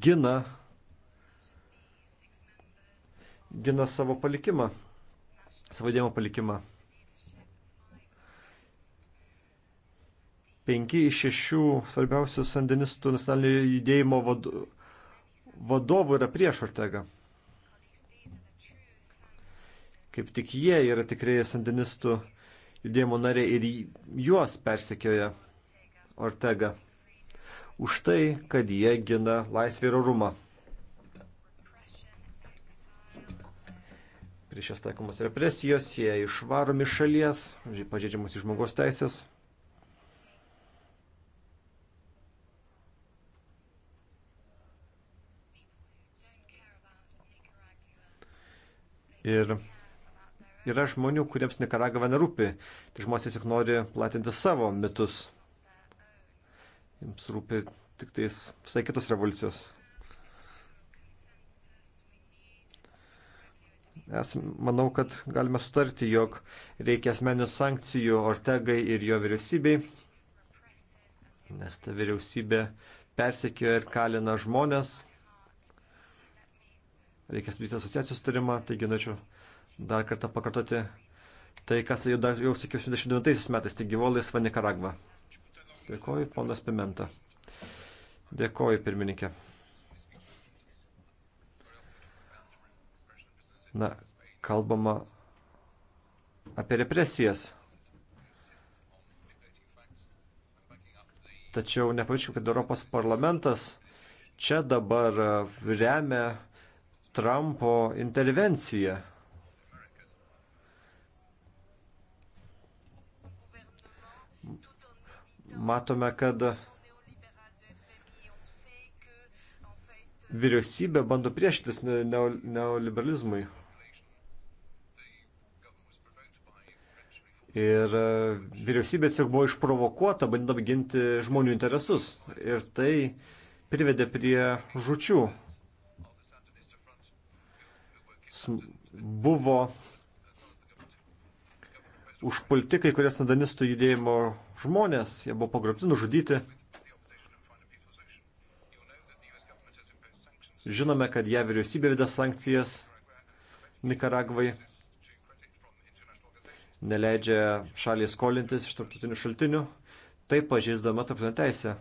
gina, gina savo palikimą, savo dievo palikimą. Penki iš šešių svarbiausių sandinistų nacionalinio judėjimo vadovų yra prieš Ortegą. Kaip tik jie yra tikrieji sandinistų judėjimo nariai ir juos persekioja Ortega už tai, kad jie gina laisvę ir orumą. Prieš jas taikomos represijos, jie išvaromi šalies, pažeidžiamos į žmogaus teisės. Ir yra žmonių, kuriems Nikaragava nerūpi. Tai žmonės tiesiog nori platinti savo mitus. Jums rūpi tik tais visai kitos revoliucijos. Esam, manau, kad galime sutarti, jog reikia asmeninių sankcijų Ortegai ir jo vyriausybei, nes ta vyriausybė persekioja ir kalina žmonės. Reikia sudaryti asociacijos tarimą, taigi norėčiau dar kartą pakartoti tai, kas jau, dar, jau sakiau 29 metais, taigi Volis Vanikaragva. Dėkoju, ponas Pimenta. Dėkoju, pirmininkė. Na, kalbama apie represijas. Tačiau nepamirškim, kad Europos parlamentas čia dabar remia Trumpo intervenciją matome, kad vyriausybė bando priešytis neoliberalizmui. Ir e, vyriausybė tiesiog buvo išprovokuota, bandydama ginti žmonių interesus. Ir tai privedė prie žučių. Buvo užpulti kai kurie sandanistų judėjimo žmonės, jie buvo pagrobti, nužudyti. Žinome, kad ją vyriausybė vidė sankcijas Nikaragvai, neleidžia šaliai skolintis iš tarptautinių šaltinių, taip pažeisdama tarptautinę teisę.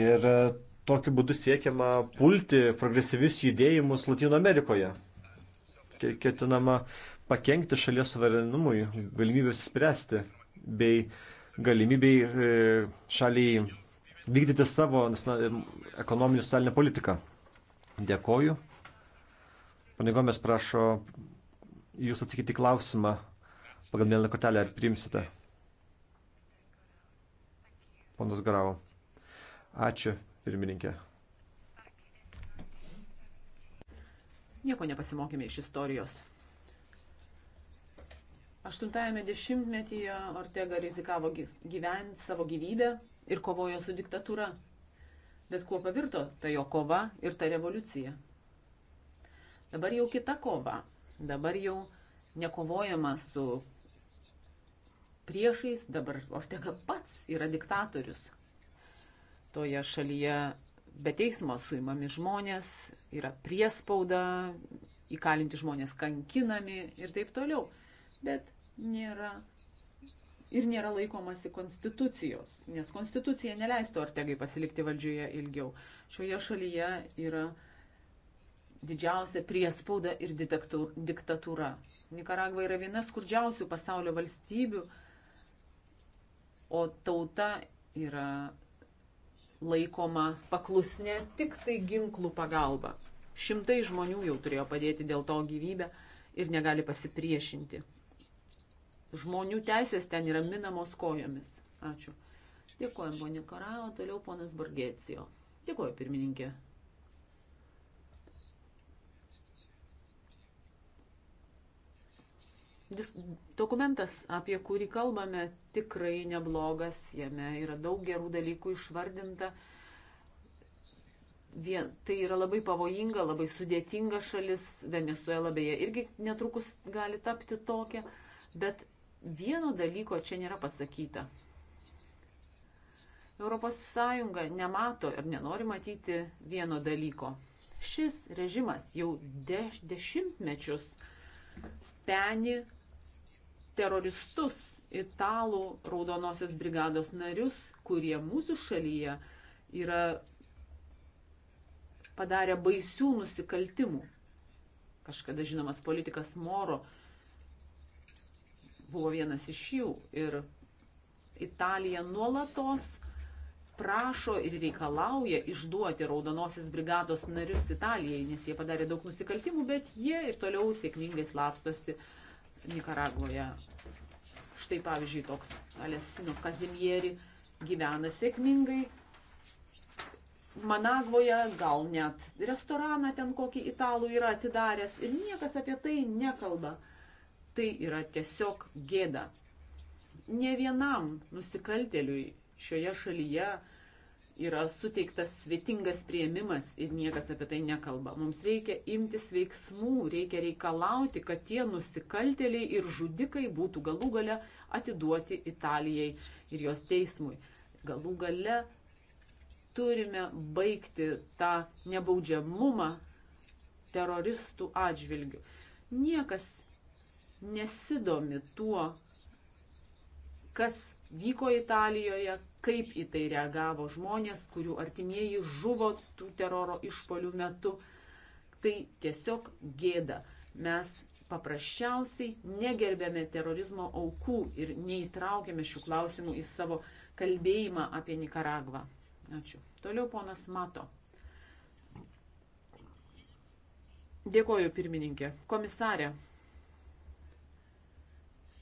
Ir tokiu būdu siekiama pulti progresyvius judėjimus Latino Amerikoje. Ketinama pakengti šalies suverenumui, galimybės spręsti bei galimybei e, šaliai vykdyti savo ekonominį socialinę politiką. Dėkoju. Panigomės prašo jūs atsakyti klausimą pagal mėlyną kortelę, ar priimsite. Ponas Garavo. Ačiū, pirmininkė. Nieko nepasimokėme iš istorijos. Aštuntajame dešimtmetyje Ortega rizikavo gyventi savo gyvybę ir kovojo su diktatūra. Bet kuo pavirto ta jo kova ir ta revoliucija? Dabar jau kita kova. Dabar jau nekovojama su priešais, dabar Ortega pats yra diktatorius toje šalyje be teismo suimami žmonės, yra priespauda, įkalinti žmonės kankinami ir taip toliau. Bet nėra ir nėra laikomasi konstitucijos, nes konstitucija neleistų Ortegai pasilikti valdžioje ilgiau. Šioje šalyje yra didžiausia priespauda ir diktatūra. Nikaragva yra viena skurdžiausių pasaulio valstybių, o tauta yra laikoma paklusne tik tai ginklų pagalba. Šimtai žmonių jau turėjo padėti dėl to gyvybę ir negali pasipriešinti. Žmonių teisės ten yra minamos kojomis. Ačiū. Dėkuoju, ponė Karao, toliau ponas Bargėcijo. Dėkuoju, pirmininkė. Dis, dokumentas, apie kurį kalbame, tikrai neblogas, jame yra daug gerų dalykų išvardinta. Vien, tai yra labai pavojinga, labai sudėtinga šalis, Venezuela beje irgi netrukus gali tapti tokia, bet vieno dalyko čia nėra pasakyta. ES nemato ir nenori matyti vieno dalyko. Šis režimas jau de, dešimtmečius peni teroristus, italų raudonosios brigados narius, kurie mūsų šalyje yra padarę baisių nusikaltimų. Kažkada žinomas politikas Moro buvo vienas iš jų ir Italija nuolatos prašo ir reikalauja išduoti raudonosios brigados narius Italijai, nes jie padarė daug nusikaltimų, bet jie ir toliau sėkmingai slapstosi uh, Nikaragvoje. Štai pavyzdžiui, toks Alesino Kazimieri gyvena sėkmingai. Managvoje gal net restoraną ten kokį italų yra atidaręs ir niekas apie tai nekalba. Tai yra tiesiog gėda. Ne vienam nusikalteliui šioje šalyje yra suteiktas svetingas prieimimas ir niekas apie tai nekalba. Mums reikia imtis veiksmų, reikia reikalauti, kad tie nusikaltėliai ir žudikai būtų galų gale atiduoti Italijai ir jos teismui. Galų gale turime baigti tą nebaudžiamumą teroristų atžvilgių. Niekas nesidomi tuo, kas vyko Italijoje, kaip į tai reagavo žmonės, kurių artimieji žuvo tų teroro išpolių metu. Tai tiesiog gėda. Mes paprasčiausiai negerbėme terorizmo aukų ir neįtraukėme šių klausimų į savo kalbėjimą apie Nikaragvą. Ačiū. Toliau ponas Mato. Dėkoju, pirmininkė. Komisarė,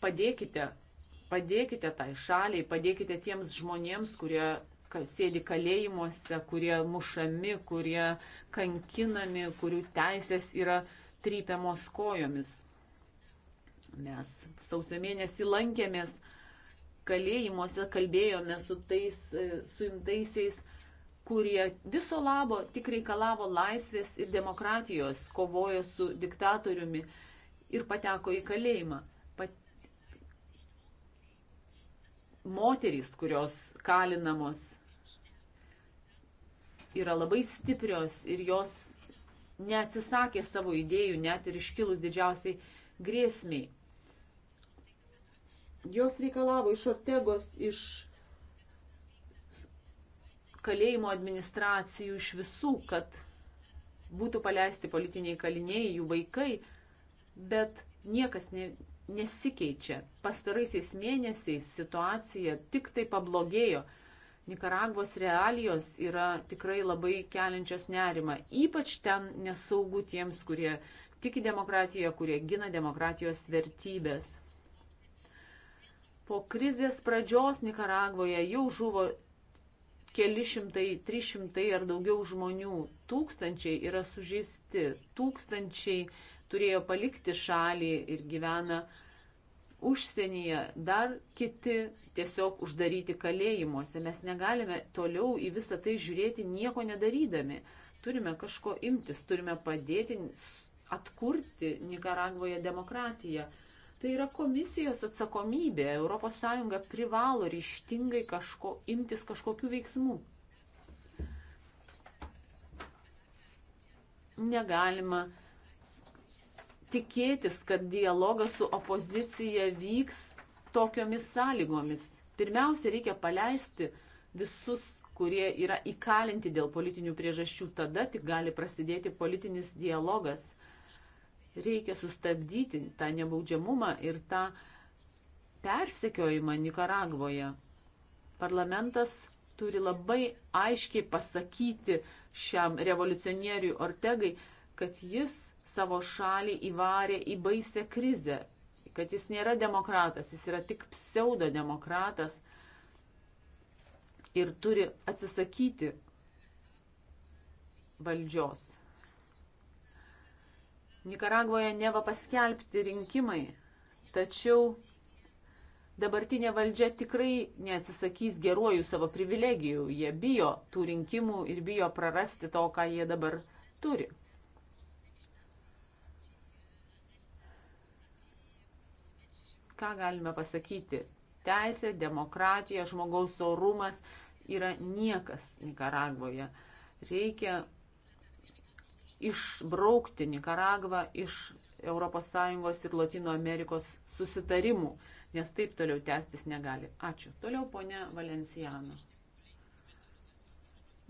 padėkite Padėkite tai šaliai, padėkite tiems žmonėms, kurie sėdi kalėjimuose, kurie mušami, kurie kankinami, kurių teisės yra trypiamos kojomis. Mes sausio mėnesį lankėmės kalėjimuose, kalbėjome su tais e, suimtaisiais, kurie viso labo tik reikalavo laisvės ir demokratijos, kovojo su diktatoriumi ir pateko į kalėjimą. moterys, kurios kalinamos, yra labai stiprios ir jos neatsisakė savo idėjų, net ir iškilus didžiausiai grėsmiai. Jos reikalavo iš Ortegos, iš kalėjimo administracijų, iš visų, kad būtų paleisti politiniai kaliniai, jų vaikai, bet niekas ne, nesikeičia. Pastaraisiais mėnesiais situacija tik tai pablogėjo. Nikaragvos realijos yra tikrai labai keliančios nerimą. Ypač ten nesaugu tiems, kurie tiki demokratiją, kurie gina demokratijos vertybės. Po krizės pradžios Nikaragvoje jau žuvo keli šimtai, trys šimtai ar daugiau žmonių, tūkstančiai yra sužeisti, tūkstančiai turėjo palikti šalį ir gyvena užsienyje, dar kiti tiesiog uždaryti kalėjimuose. Mes negalime toliau į visą tai žiūrėti nieko nedarydami. Turime kažko imtis, turime padėti atkurti Nikaragvoje demokratiją. Tai yra komisijos atsakomybė. ES privalo ryštingai kažko, imtis kažkokių veiksmų. Negalima tikėtis, kad dialogas su opozicija vyks tokiomis sąlygomis. Pirmiausia, reikia paleisti visus, kurie yra įkalinti dėl politinių priežasčių. Tada tik gali prasidėti politinis dialogas. Reikia sustabdyti tą nebaudžiamumą ir tą persekiojimą Nikaragvoje. Parlamentas turi labai aiškiai pasakyti šiam revoliucionieriui Ortegai, kad jis savo šalį įvarė į baisę krizę, kad jis nėra demokratas, jis yra tik pseudodemokratas ir turi atsisakyti valdžios. Nikaragvoje neva paskelbti rinkimai, tačiau dabartinė valdžia tikrai neatsisakys geruoju savo privilegijų. Jie bijo tų rinkimų ir bijo prarasti to, ką jie dabar turi. ką galime pasakyti? Teisė, demokratija, žmogaus orumas yra niekas Nikaragvoje. Reikia išbraukti Nikaragvą iš ES ir Latino Amerikos susitarimų, nes taip toliau tęstis negali. Ačiū. Toliau ponia Valenciano.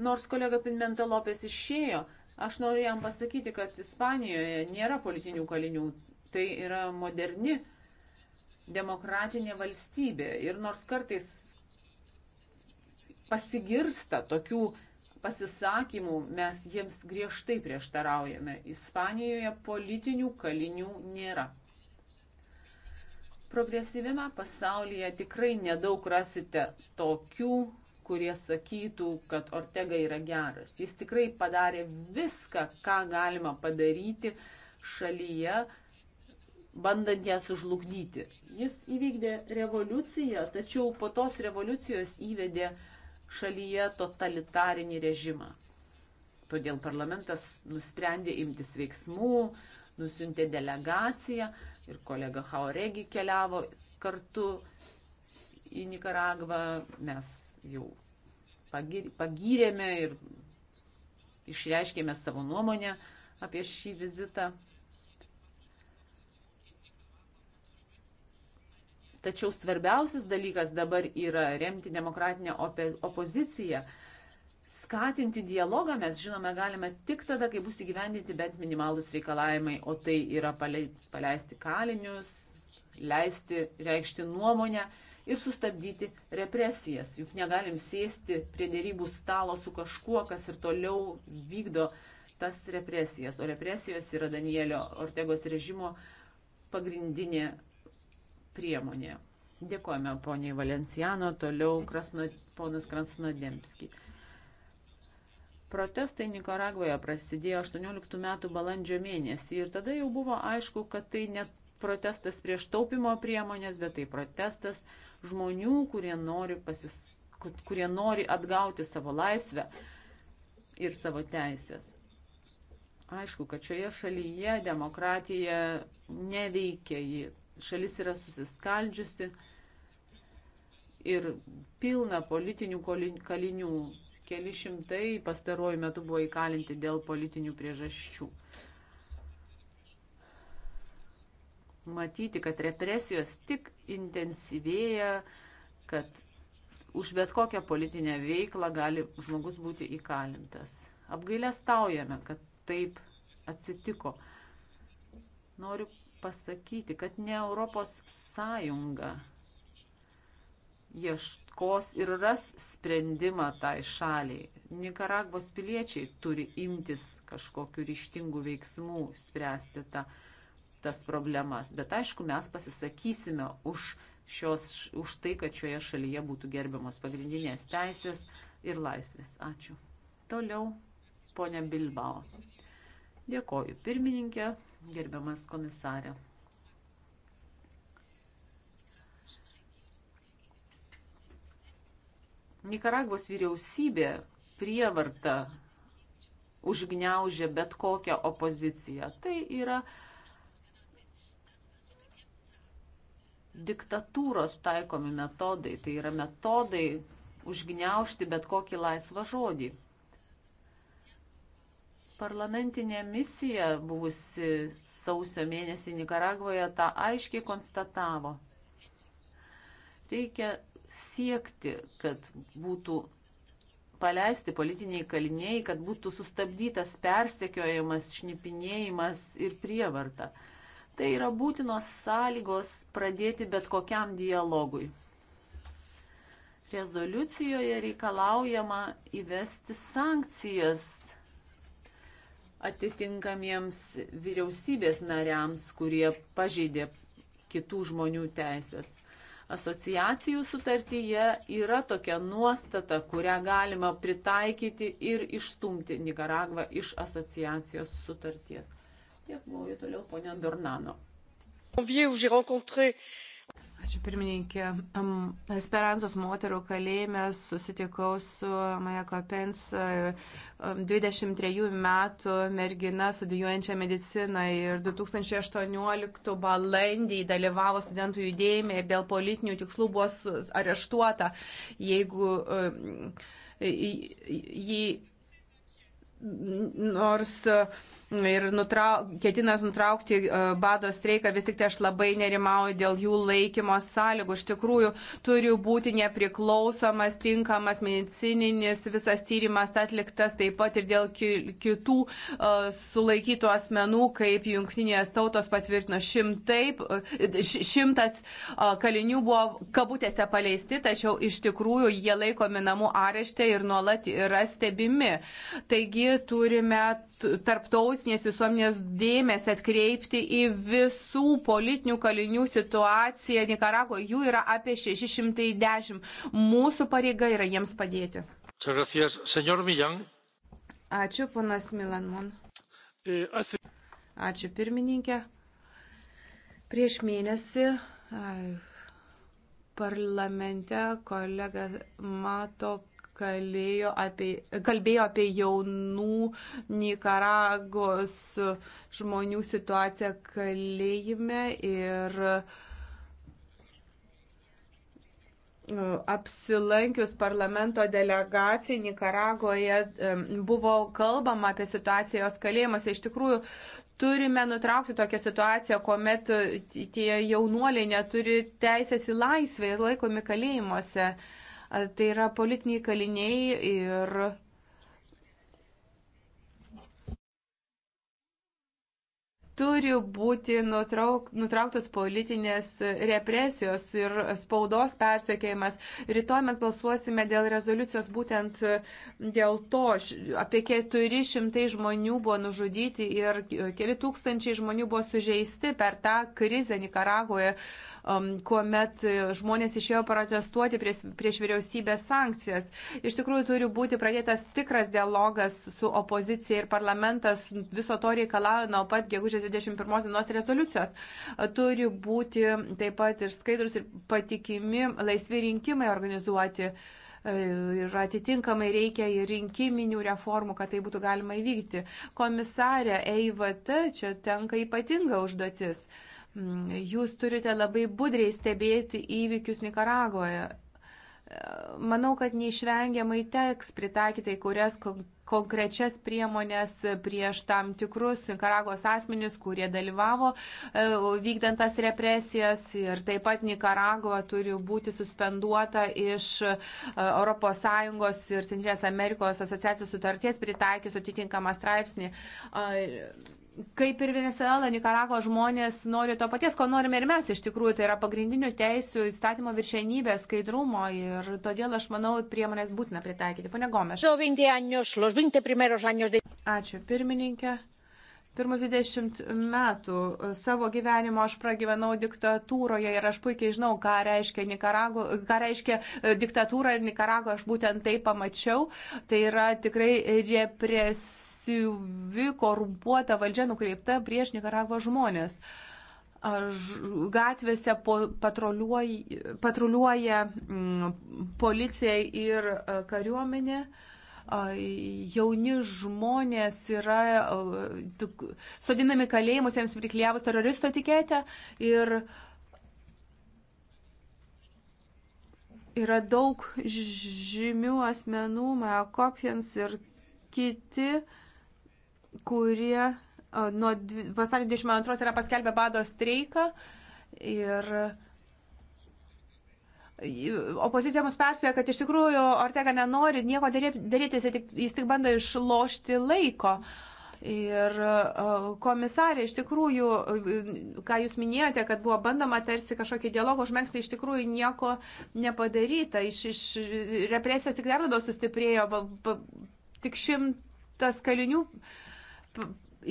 Nors kolega Pinmenta Lopės išėjo, aš noriu jam pasakyti, kad Ispanijoje nėra politinių kalinių. Tai yra moderni demokratinė valstybė ir nors kartais pasigirsta tokių pasisakymų, mes jiems griežtai prieštaraujame. Ispanijoje politinių kalinių nėra. Progresyvime pasaulyje tikrai nedaug rasite tokių, kurie sakytų, kad Ortega yra geras. Jis tikrai padarė viską, ką galima padaryti šalyje, bandant ją sužlugdyti. Jis įvykdė revoliuciją, tačiau po tos revoliucijos įvedė šalyje totalitarinį režimą. Todėl parlamentas nusprendė imtis veiksmų, nusintė delegaciją ir kolega Hauregi keliavo kartu į Nikaragvą. Mes jau pagyrėme ir išreiškėme savo nuomonę apie šį vizitą. Tačiau svarbiausias dalykas dabar yra remti demokratinę opoziciją. Skatinti dialogą mes, žinome, galime tik tada, kai bus įgyvendinti bent minimalus reikalavimai, o tai yra paleisti kalinius, leisti reikšti nuomonę ir sustabdyti represijas. Juk negalim sėsti prie dėrybų stalo su kažkuo, kas ir toliau vykdo tas represijas. O represijos yra Danielio Ortegos režimo pagrindinė priemonė. Dėkojame poniai Valenciano, toliau krasno, ponas Krasnodemski. Protestai Nikaragvoje prasidėjo 18 metų balandžio mėnesį ir tada jau buvo aišku, kad tai ne protestas prieš taupimo priemonės, bet tai protestas žmonių, kurie nori, pasis, kurie nori atgauti savo laisvę ir savo teisės. Aišku, kad šioje šalyje demokratija neveikia, ji šalis yra susiskaldžiusi ir pilna politinių kalinių. Keli šimtai pastaruoju metu buvo įkalinti dėl politinių priežasčių. Matyti, kad represijos tik intensyvėja, kad už bet kokią politinę veiklą gali žmogus būti įkalintas. Apgailę staujame, kad taip atsitiko. Noriu pasakyti, kad ne Europos Sąjunga ieškos ir ras sprendimą tai šaliai. Nikaragvos piliečiai turi imtis kažkokiu ryštingu veiksmu spręsti tą, tas problemas. Bet aišku, mes pasisakysime už, šios, už tai, kad šioje šalyje būtų gerbiamos pagrindinės teisės ir laisvės. Ačiū. Toliau, ponia Bilbao. Dėkoju, pirmininkė gerbiamas komisarė. Nikaragvos vyriausybė prievarta užgneužė bet kokią opoziciją. Tai yra diktatūros taikomi metodai, tai yra metodai užgneušti bet kokį laisvą žodį. Parlamentinė misija buvusi sausio mėnesį Nikaragvoje tą aiškiai konstatavo. Reikia siekti, kad būtų paleisti politiniai kaliniai, kad būtų sustabdytas persekiojimas, šnipinėjimas ir prievarta. Tai yra būtinos sąlygos pradėti bet kokiam dialogui. Rezoliucijoje reikalaujama įvesti sankcijas atitinkamiems vyriausybės nariams, kurie pažeidė kitų žmonių teisės. Asociacijų sutartyje yra tokia nuostata, kurią galima pritaikyti ir išstumti Nikaragvą iš asociacijos sutarties. Dėkuoju toliau, ponia Dornano. Convier, où j'ai rencontré euh, Ačiū pirmininkė. Esperantos moterų kalėjime susitikau su Maja Kopens, 23 metų mergina studijuojančia mediciną ir 2018 balandį dalyvavo studentų judėjime ir dėl politinių tikslų buvo areštuota. Jeigu jį nors e, ir nutrauk, ketinas nutraukti e, bado streiką, vis tik tai aš labai nerimauju dėl jų laikymo sąlygų. Iš tikrųjų, turi būti nepriklausomas, tinkamas medicininis visas tyrimas atliktas, taip pat ir dėl kitų e, sulaikytų asmenų, kaip jungtinės tautos patvirtino šimtai, šimtas kalinių buvo kabutėse paleisti, tačiau iš tikrųjų jie laikomi namų arešte ir nuolat yra stebimi. Taigi, taigi turime tarptautinės visuomenės dėmesį atkreipti į visų politinių kalinių situaciją Nikaragoje. Jų yra apie 610. Mūsų pareiga yra jiems padėti. Ačiū, ponas Milanmon. E, Ačiū, pirmininkė. Prieš mėnesį. Ai, parlamente kolega mato kalėjo apie, kalbėjo apie jaunų Nikaragos žmonių situaciją kalėjime ir e, apsilankius parlamento delegacijai Nikaragoje e, buvo kalbama apie situaciją jos kalėjimuose. Iš tikrųjų, turime nutraukti tokią situaciją, kuomet e, tie jaunuoliai neturi teisės į laisvę ir laikomi kalėjimuose. Uh, Tai yra politiniai kaliniai ir turi būti nutrauk, nutrauktos politinės represijos ir spaudos persekėjimas. Rytoj mes balsuosime dėl rezoliucijos būtent dėl to. Apie 400 žmonių buvo nužudyti ir keli tūkstančiai žmonių buvo sužeisti per tą krizę Nikaragoje, um, kuomet žmonės išėjo protestuoti prieš, prieš vyriausybės sankcijas. Iš tikrųjų turi būti pradėtas tikras dialogas su opozicija ir parlamentas viso to reikalauja nuo pat gegužės 21 dienos rezoliucijos. Turi būti taip pat ir skaidrus ir patikimi laisvi rinkimai organizuoti. Ir atitinkamai reikia ir rinkiminių reformų, kad tai būtų galima įvykti. Komisarė EIVT čia tenka ypatinga užduotis. Jūs turite labai budriai stebėti įvykius Nikaragoje manau, kad neišvengiamai teks pritaikyti į kurias konkrečias priemonės prieš tam tikrus Nikaragos asmenys, kurie dalyvavo e, vykdant tas represijas. Ir taip pat Nikaragva turi būti suspenduota iš ES ir Centrinės Amerikos asociacijos sutarties pritaikius atitinkamą straipsnį kaip ir Venezuela, Nikaragvo žmonės nori to paties, ko norime ir mes iš tikrųjų, tai yra pagrindinių teisių įstatymo viršenybės, skaidrumo ir todėl aš manau priemonės būtina pritaikyti. Pane Gomes. Ačiū, pirmininkė. Pirmus 20 metų savo gyvenimo aš pragyvenau diktatūroje ir aš puikiai žinau, ką reiškia, Nikarago, ką reiškia e, diktatūra ir Nikarago, aš būtent tai pamačiau. Tai yra tikrai repres agresyvi, korumpuota valdžia nukreipta prieš Nikaragvo žmonės. Aš gatvėse po, patruliuoja, patruliuoja mm, policija ir e, kariuomenė jauni žmonės yra e, sodinami kalėjimus, jiems priklyjavus teroristo etiketę ir yra daug žymių asmenų, Maja Kopjans ir kiti kurie nuo vasario 22 yra paskelbę bado streiką ir opozicija mus perspėja, kad iš tikrųjų Ortega nenori nieko daryti, jis tik, jis tik bando išlošti laiko. Ir komisarė, iš tikrųjų, ką jūs minėjote, kad buvo bandoma tarsi kažkokį dialogą užmėgsti, iš tikrųjų nieko nepadaryta. Iš, iš represijos tik dar labiau sustiprėjo, ba, ba, tik šimtas kalinių uh,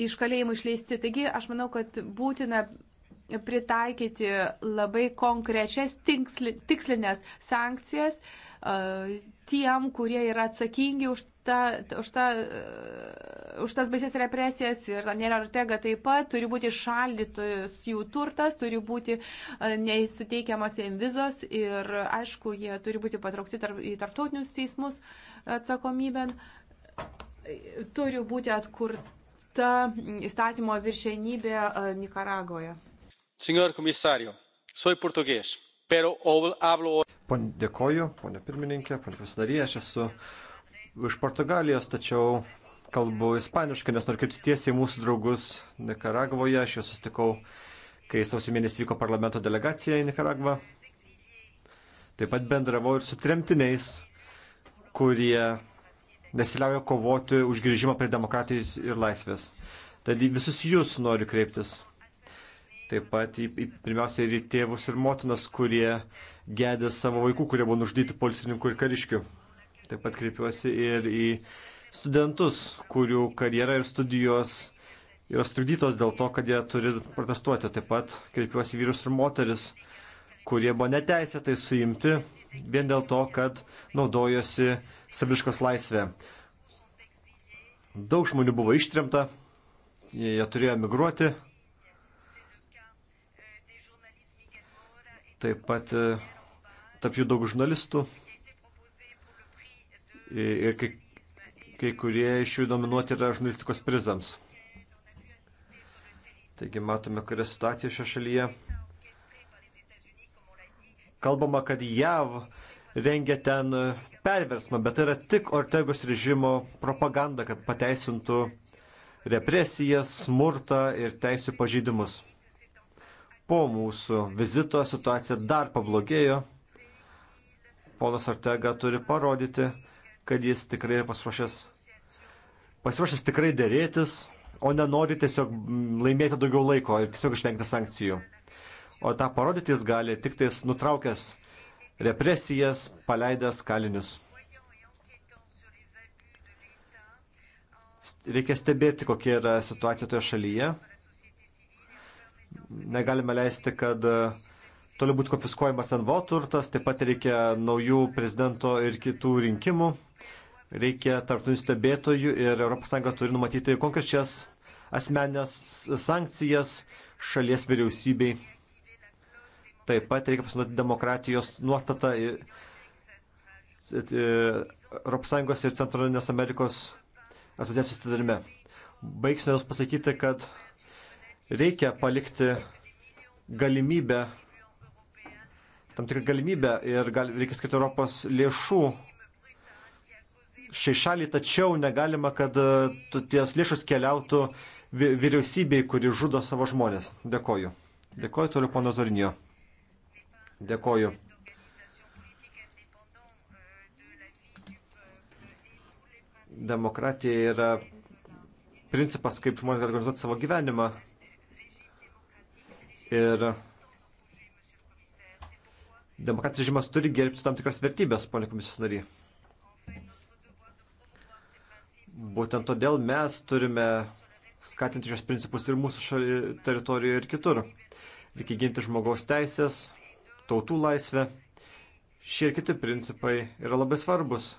iš kalėjimų išleisti. Taigi aš manau, kad būtina pritaikyti labai konkrečias tikslinės sankcijas tiem, kurie yra atsakingi už, ta, už, ta, už tas baisės represijas ir Danielio Ortega taip pat turi būti šaldytas jų turtas, turi būti neįsuteikiamas jiems vizos ir aišku, jie turi būti patraukti tarp, į tarptautinius teismus atsakomybėn, turi būti atkurti ta įstatymo viršenybė e, Nikaragoje. Senor komisario, soy portugies, pero hablo. Pone, dėkoju, ponė pirmininkė, ponė pasidarė, aš esu iš Portugalijos, tačiau kalbu ispaniškai, nes noriu kreiptis tiesiai mūsų draugus Nikaragvoje. Aš juos sustikau, kai sausio mėnesį vyko parlamento delegacija į Nikaragvą. Taip pat bendravau ir su tremtiniais, kurie nesiliauja kovoti už grįžimą prie demokratijos ir laisvės. Tad visus jūs noriu kreiptis. Taip pat į, į, pirmiausia ir į tėvus ir motinas, kurie gedė savo vaikų, kurie buvo nužudyti policininkų ir kariškių. Taip pat kreipiuosi ir į studentus, kurių karjera ir studijos yra strukdytos dėl to, kad jie turi protestuoti. Taip pat kreipiuosi vyrus ir moteris, kurie buvo neteisėtai suimti vien dėl to, kad naudojosi saviškos laisvė. Daug žmonių buvo ištrimta, jie turėjo migruoti. Taip pat e, tarp jų daug žurnalistų. Ir kai, kai kurie iš jų dominuoti yra žurnalistikos prizams. Taigi matome, kuria situacija šioje šalyje kalbama, kad JAV rengia ten perversmą, bet tai yra tik Ortegos režimo propaganda, kad pateisintų represijas, smurtą ir teisų pažeidimus. Po mūsų vizito situacija dar pablogėjo. Ponas Ortega turi parodyti, kad jis tikrai yra pasiruošęs, pasiruošęs tikrai dėrėtis, o nenori tiesiog laimėti daugiau laiko ir tiesiog išvengti sankcijų o tą parodyti jis gali tik tais nutraukęs represijas, paleidęs kalinius. Reikia stebėti, kokia yra situacija toje šalyje. Negalime leisti, kad e, toliau būtų konfiskuojamas NVO turtas, taip pat reikia naujų prezidento ir kitų rinkimų. Reikia tarptautinių stebėtojų ir ES turi numatyti konkrečias asmenės sankcijas šalies vyriausybei Taip pat reikia pasinaudoti demokratijos nuostatą ES ir Centrinės Amerikos asociacijos sutarime. Baigsime jūs pasakyti, kad reikia palikti galimybę, tam tikrą galimybę ir gal, reikia skirti Europos lėšų šiai šaliai, tačiau negalima, kad e, ties lėšus keliautų vyriausybei, kuri žudo savo žmonės. Dėkoju. Dėkoju toliau, pono Zorinio. Dėkoju. Demokratija yra principas, kaip žmonės gali organizuoti savo gyvenimą. Ir demokratinis režimas turi gerbti tam tikras vertybės, ponė komisijos nariai. Būtent todėl mes turime skatinti šios principus ir mūsų šaly, teritorijoje, ir kitur. Reikia ginti žmogaus teisės, tautų laisvė. Šie ir kiti principai yra labai svarbus.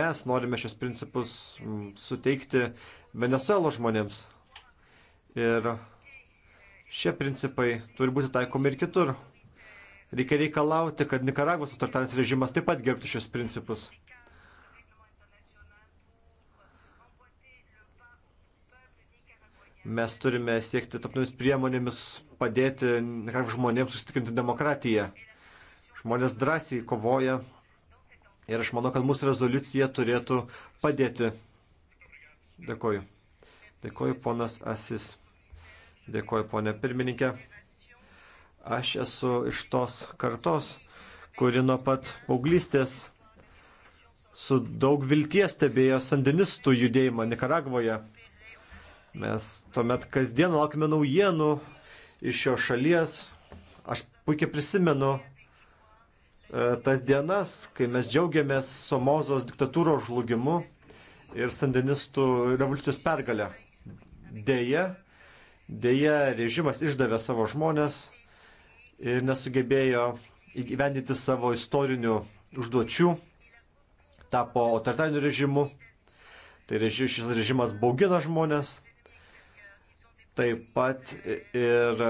Mes norime šios principus suteikti Venezuelo žmonėms. Ir šie principai turi būti taikomi ir kitur. Reikia reikalauti, kad Nikaragvos autoritarnis režimas taip pat gerbtų šios principus. Mes turime siekti tapnomis priemonėmis padėti žmonėms sustikrinti demokratiją. Žmonės drąsiai kovoja ir aš manau, kad mūsų rezoliucija turėtų padėti. Dėkoju. Dėkoju, ponas Asis. Dėkoju, ponė pirmininkė. Aš esu iš tos kartos, kuri nuo pat paauglystės su daug vilties stebėjo sandinistų judėjimą Nikaragvoje. Mes tuomet kasdien laukime naujienų iš jo šalies. Aš puikiai prisimenu e, tas dienas, kai mes džiaugiamės Somozos diktatūros žlugimu ir sandinistų revoliucijos pergalę. Deja, deja, režimas išdavė savo žmonės ir nesugebėjo įgyvendyti savo istorinių užduočių, tapo autoritariniu režimu. Tai reži, šis režimas baugina žmonės, taip pat ir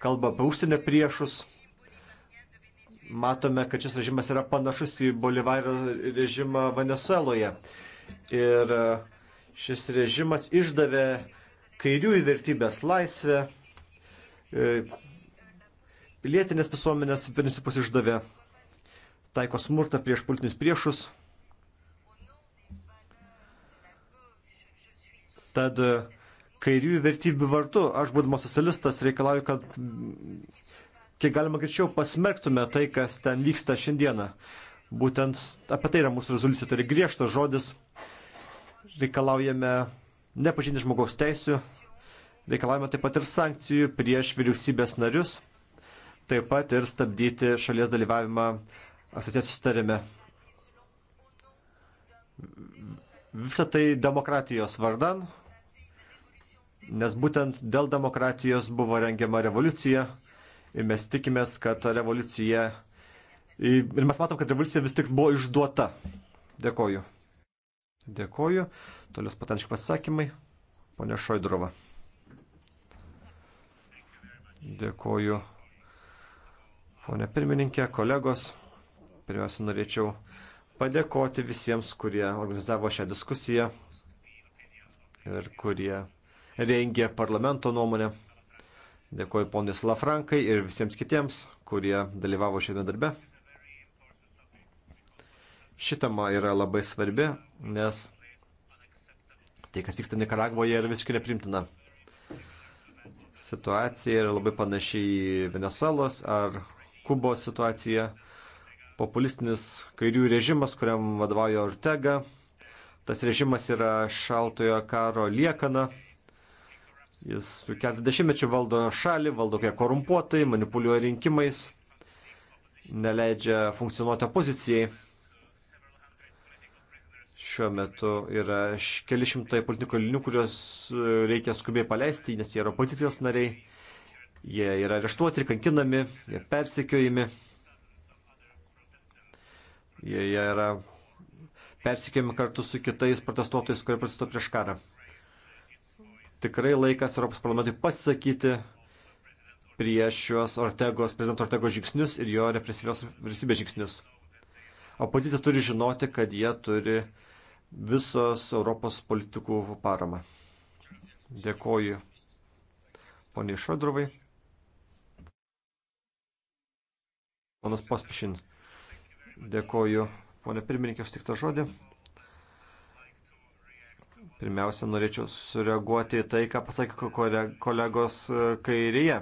kalba apie užsienio priešus. Matome, kad šis režimas yra panašus į Bolivario režimą Venezueloje. Ir šis režimas išdavė kairiųjų vertybės laisvę, pilietinės visuomenės principus išdavė, taiko smurtą prieš politinius priešus. Tad kairiųjų vertybių vartu. Aš, būdamas socialistas, reikalauju, kad kiek galima greičiau pasmerktume tai, kas ten vyksta šiandieną. Būtent apie tai yra mūsų rezoliucija, tai yra griežtas žodis. Reikalaujame nepažinti žmogaus teisų, reikalaujame taip pat ir sankcijų prieš vyriausybės narius, taip pat ir stabdyti šalies dalyvavimą asociacijos sustarime. Visą tai demokratijos vardan, nes būtent dėl demokratijos buvo rengiama revoliucija ir mes tikimės, kad ta revoliucija. Ir mes matom, kad revoliucija vis tik buvo išduota. Dėkoju. Dėkoju. Toliau spontaniški pasisakymai. Pone Šoidrova. Dėkoju. Pone pirmininkė, kolegos. Pirmiausia, norėčiau padėkoti visiems, kurie organizavo šią diskusiją ir kurie rengė parlamento nuomonę. Dėkuoju ponis Lafrankai ir visiems kitiems, kurie dalyvavo šiame darbe. Ši tema yra labai svarbi, nes tai, kas vyksta Nikaragvoje, yra visiškai neprimtina. Situacija yra labai panašiai į Venezuelos ar Kubos situaciją. Populistinis kairių režimas, kuriam vadovauja Ortega. Tas režimas yra šaltojo karo liekana Jis keletą dešimtmečių valdo šalį, valdo kiek korumpuotai, manipuliuoja rinkimais, neleidžia funkcionuoti opozicijai. Šiuo metu yra keli šimtai politinių kalinių, kuriuos e, reikia skubiai paleisti, nes jie yra opozicijos nariai. Jie yra areštuoti ir kankinami, jie persekiojami. Jie yra persekiojami kartu su kitais protestuotojais, kurie protestuoja prieš karą tikrai laikas Europos parlamentui pasisakyti prieš šios Ortegos, prezidento Ortegos žingsnius ir jo represyvios vyriausybės žingsnius. Opozicija turi žinoti, kad jie turi visos Europos politikų paramą. Dėkoju poniai Šodrovai. Ponas Pospišin. Dėkoju, ponė pirmininkė, už tik tą žodį. Pirmiausia, norėčiau sureaguoti į tai, ką pasakė kolegos e, kairėje.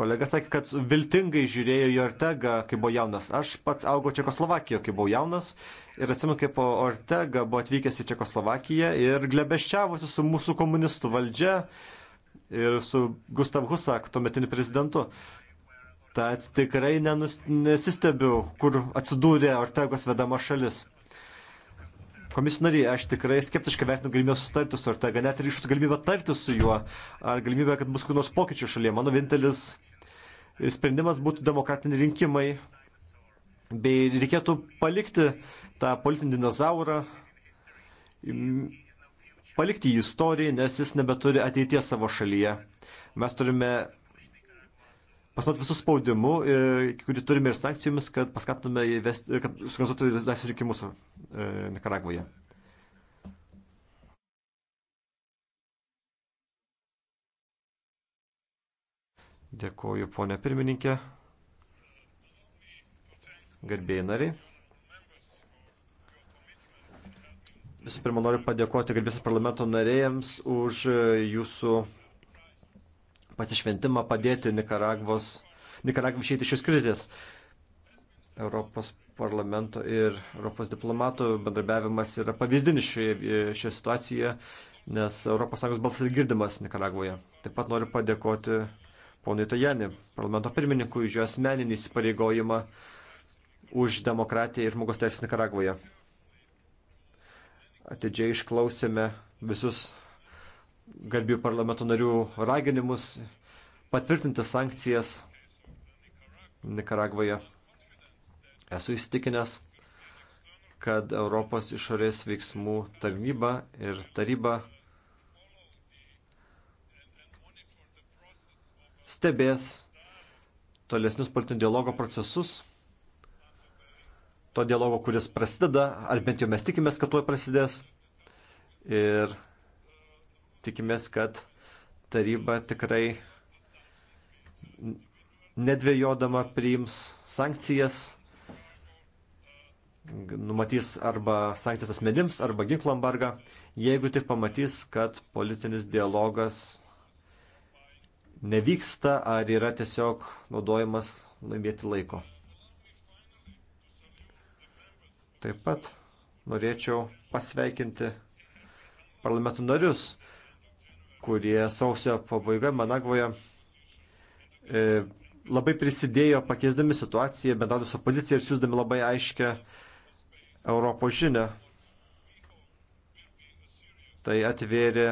Kolega sakė, kad viltingai žiūrėjo į Ortegą, kai buvo jaunas. Aš pats augau Čekoslovakijoje, kai buvau jaunas. Ir atsimenu, kaip Ortega buvo atvykęs į Čekoslovakiją ir glebeščiavosi su mūsų komunistų valdžia ir su Gustav Husak, tuometiniu prezidentu. Tad tikrai nenus, nesistebiu, kur atsidūrė Ortegos vedama šalis. Komisionariai, aš tikrai skeptiškai vertinu galimybę sustarti su Ortega, net ir iš galimybę tarti su juo, ar galimybę, kad bus kokių nors pokyčių šalyje. Mano vienintelis sprendimas būtų demokratiniai rinkimai, bei reikėtų palikti tą politinį dinozaurą, palikti jį istorijai, nes jis nebeturi ateities savo šalyje. Mes turime pasinaudoti visų spaudimų, e, kurį turime ir sankcijomis, kad paskatintume įvesti, e, kad sukonsultuotų laisvės rinkimus e, Nikaragvoje. Dėkuoju, ponė pirmininkė. Garbėjai nariai. Visų pirma, noriu padėkoti garbės parlamento narėjams už jūsų pasišventimą padėti Nikaragvos, Nikaragvai išėti iš šios krizės. Europos parlamento ir Europos diplomatų bendrabiavimas yra pavyzdinis šioje, šioje situacijoje, nes ES balsas girdimas Nikaragvoje. Taip pat noriu padėkoti ponui Tajani, parlamento pirmininkui, už jo asmeninį įsipareigojimą už demokratiją ir žmogus teisės Nikaragvoje. Atidžiai išklausėme visus garbių parlamento narių raginimus patvirtinti sankcijas Nikaragvoje. Esu įsitikinęs, kad Europos išorės veiksmų tarnyba ir taryba stebės tolesnius politinio dialogo procesus, to dialogo, kuris prasideda, ar bent jau mes tikimės, kad tuo prasidės. Ir tikimės, kad taryba tikrai nedvėjodama priims sankcijas, numatys arba sankcijas asmenims, arba ginklų embargą, jeigu tik pamatys, kad politinis dialogas nevyksta ar yra tiesiog naudojamas laimėti laiko. Taip pat norėčiau pasveikinti parlamentų narius, kurie sausio pabaigoje Managvoje e, labai prisidėjo pakeisdami situaciją, bendradami su opozicija ir siūsdami labai aiškę Europos žinę. Tai atvėrė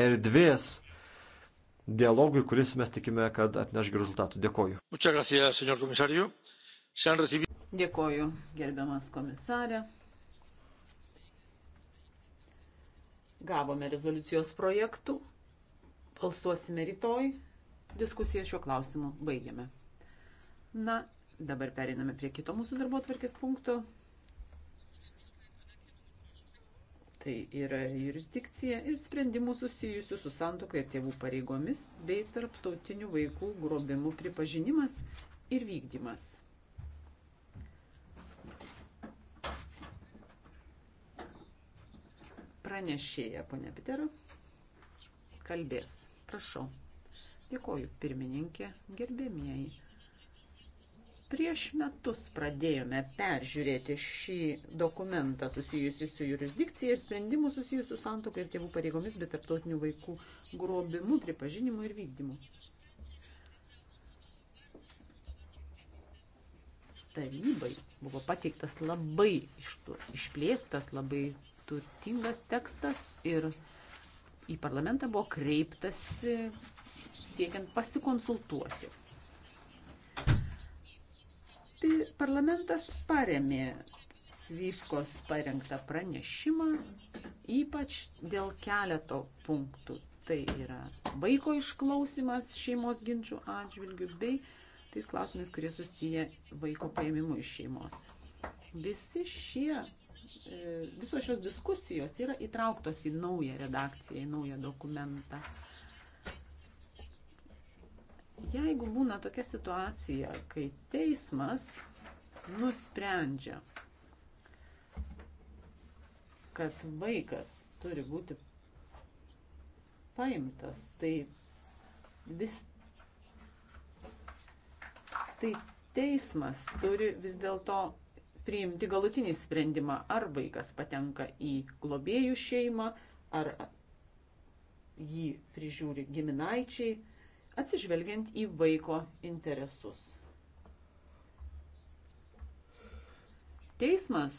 erdvės dialogui, kuris mes tikime, kad atneš gerų rezultatų. Dėkoju. Dėkoju, gerbiamas komisarė. Gavome rezoliucijos projektų. Balsuosime rytoj. Diskusiją šiuo klausimu baigiame. Na, dabar pereiname prie kito mūsų darbo tvarkės punkto. Tai yra jurisdikcija ir sprendimų susijusių su santoka ir tėvų pareigomis bei tarptautinių vaikų grobimų pripažinimas ir vykdymas. Pranešėja, ponia Pitera kalbės. Prašau. Dėkoju, pirmininkė, gerbėmieji. Prieš metus pradėjome peržiūrėti šį dokumentą susijusi su jurisdikcija ir sprendimu susijusiu santokai ir tėvų pareigomis, bet tarptautinių vaikų grobimu, pripažinimu ir vykdymu. Tarybai buvo pateiktas labai išplėstas, labai turtingas tekstas ir tekstas į parlamentą buvo kreiptasi siekiant pasikonsultuoti. Tai parlamentas paremė Cvifkos parengtą pranešimą, ypač dėl keleto punktų. Tai yra vaiko išklausimas šeimos ginčių atžvilgių bei tais klausimais, kurie susiję vaiko paėmimu iš šeimos. Visi šie E, visos šios diskusijos yra įtrauktos į naują redakciją, į naują dokumentą. Jeigu būna tokia situacija, kai teismas nusprendžia, kad vaikas turi būti paimtas, tai vis tai teismas turi vis dėlto priimti galutinį sprendimą, ar vaikas patenka į globėjų šeimą, ar jį prižiūri giminaičiai, atsižvelgiant į vaiko interesus. Teismas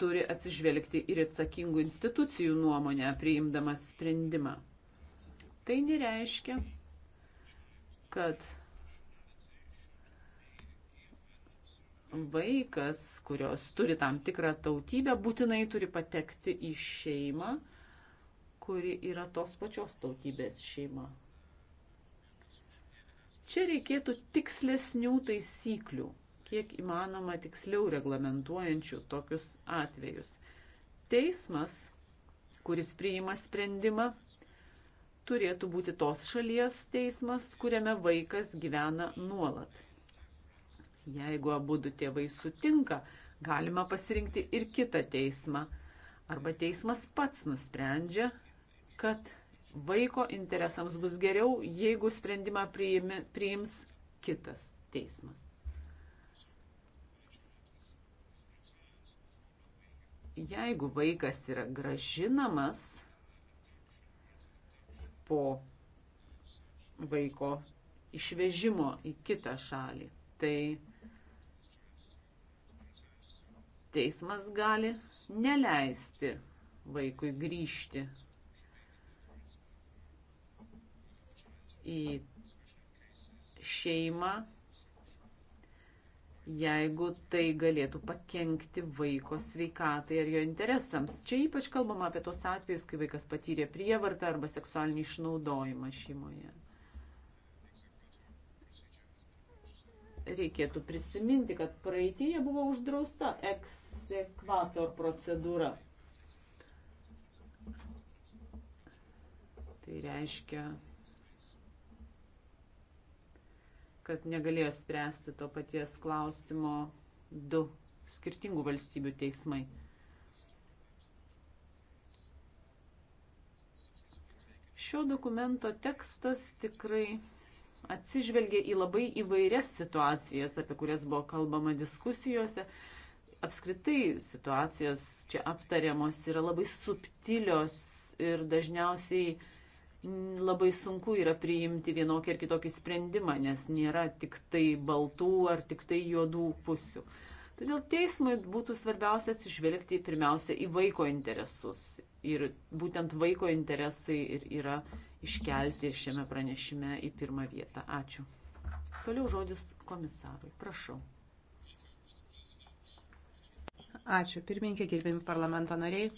turi atsižvelgti ir atsakingų institucijų nuomonę priimdamas sprendimą. Tai nereiškia, kad vaikas, kurios turi tam tikrą tautybę, būtinai turi patekti į šeimą, kuri yra tos pačios tautybės šeima. Čia reikėtų tikslesnių taisyklių, kiek įmanoma tiksliau reglamentuojančių tokius atvejus. Teismas, kuris priima sprendimą, turėtų būti tos šalies teismas, kuriame vaikas gyvena nuolat. Jeigu abu du tėvai sutinka, galima pasirinkti ir kitą teismą. Arba teismas pats nusprendžia, kad vaiko interesams bus geriau, jeigu sprendimą priimi, priims kitas teismas. Jeigu vaikas yra gražinamas po vaiko išvežimo į kitą šalį, tai teismas gali neleisti vaikui grįžti į šeimą, jeigu tai galėtų pakengti vaiko sveikatai ar jo interesams. Čia ypač kalbama apie tos atvejus, kai vaikas patyrė prievartą arba seksualinį išnaudojimą šeimoje. reikėtų prisiminti, kad praeitėje buvo uždrausta eksekvator procedūra. Tai reiškia, kad negalėjo spręsti to paties klausimo du skirtingų valstybių teismai. Šio dokumento tekstas tikrai atsižvelgia į labai įvairias situacijas, apie kurias buvo kalbama diskusijose. Apskritai situacijos čia aptariamos yra labai subtilios ir dažniausiai labai sunku yra priimti vienokį ar kitokį sprendimą, nes nėra tik tai baltų ar tik tai juodų pusių. Uh, Todėl teismui būtų svarbiausia atsižvelgti pirmiausia į vaiko interesus. Ir būtent vaiko interesai ir yra iškelti šiame pranešime į pirmą vietą. Ačiū. Toliau žodis komisarui. Prašau. Ačiū. Pirmininkė, gerbėmi parlamento nariai.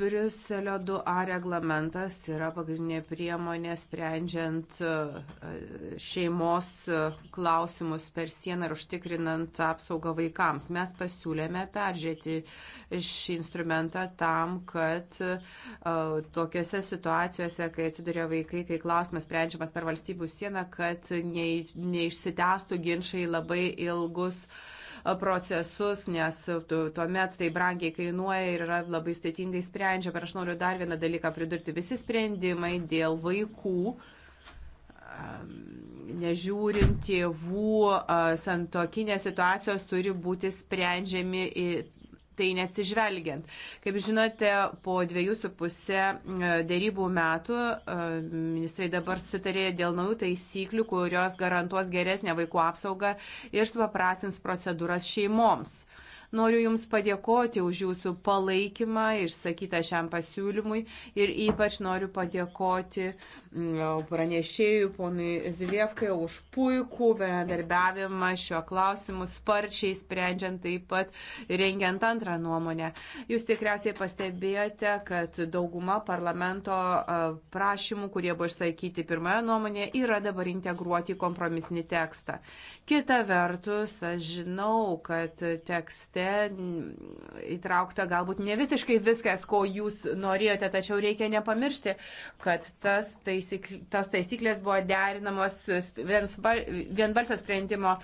Briuselio 2A reglamentas yra pagrindinė priemonė sprendžiant e, šeimos e, klausimus per sieną ir užtikrinant apsaugą vaikams. Mes pasiūlėme peržiūrėti šį instrumentą tam, kad e, tokiuose situacijose, kai atsiduria vaikai, kai klausimas sprendžiamas per valstybių sieną, kad neišsitęstų ginčiai labai ilgus uh, procesus, nes tuomet tai brangiai kainuoja ir yra labai sudėtingai sprendžiama. Ir aš noriu dar vieną dalyką pridurti. Visi sprendimai dėl vaikų nežiūrint tėvų santokinės situacijos turi būti sprendžiami tai neatsižvelgiant. Kaip žinote, po dviejų su pusė dėrybų metų ministrai dabar sutarė dėl naujų taisyklių, kurios garantuos geresnę vaikų apsaugą ir supaprastins procedūras šeimoms. Noriu Jums padėkoti už Jūsų palaikymą išsakytą šiam pasiūlymui ir ypač noriu padėkoti Mm, pranešėjų, ponui Zilievkai, už puikų bendradarbiavimą šio klausimu, sparčiai sprendžiant taip pat rengiant antrą nuomonę. Jūs tikriausiai pastebėjote, kad dauguma parlamento prašymų, kurie buvo išsakyti pirmoje nuomonėje, yra dabar integruoti į kompromisinį tekstą. Kita vertus, aš žinau, kad tekste mm, įtraukta galbūt ne visiškai viskas, ko jūs norėjote, tačiau reikia nepamiršti, kad tas tai taisykl, tos taisyklės buvo derinamos vienbalsio sprendimo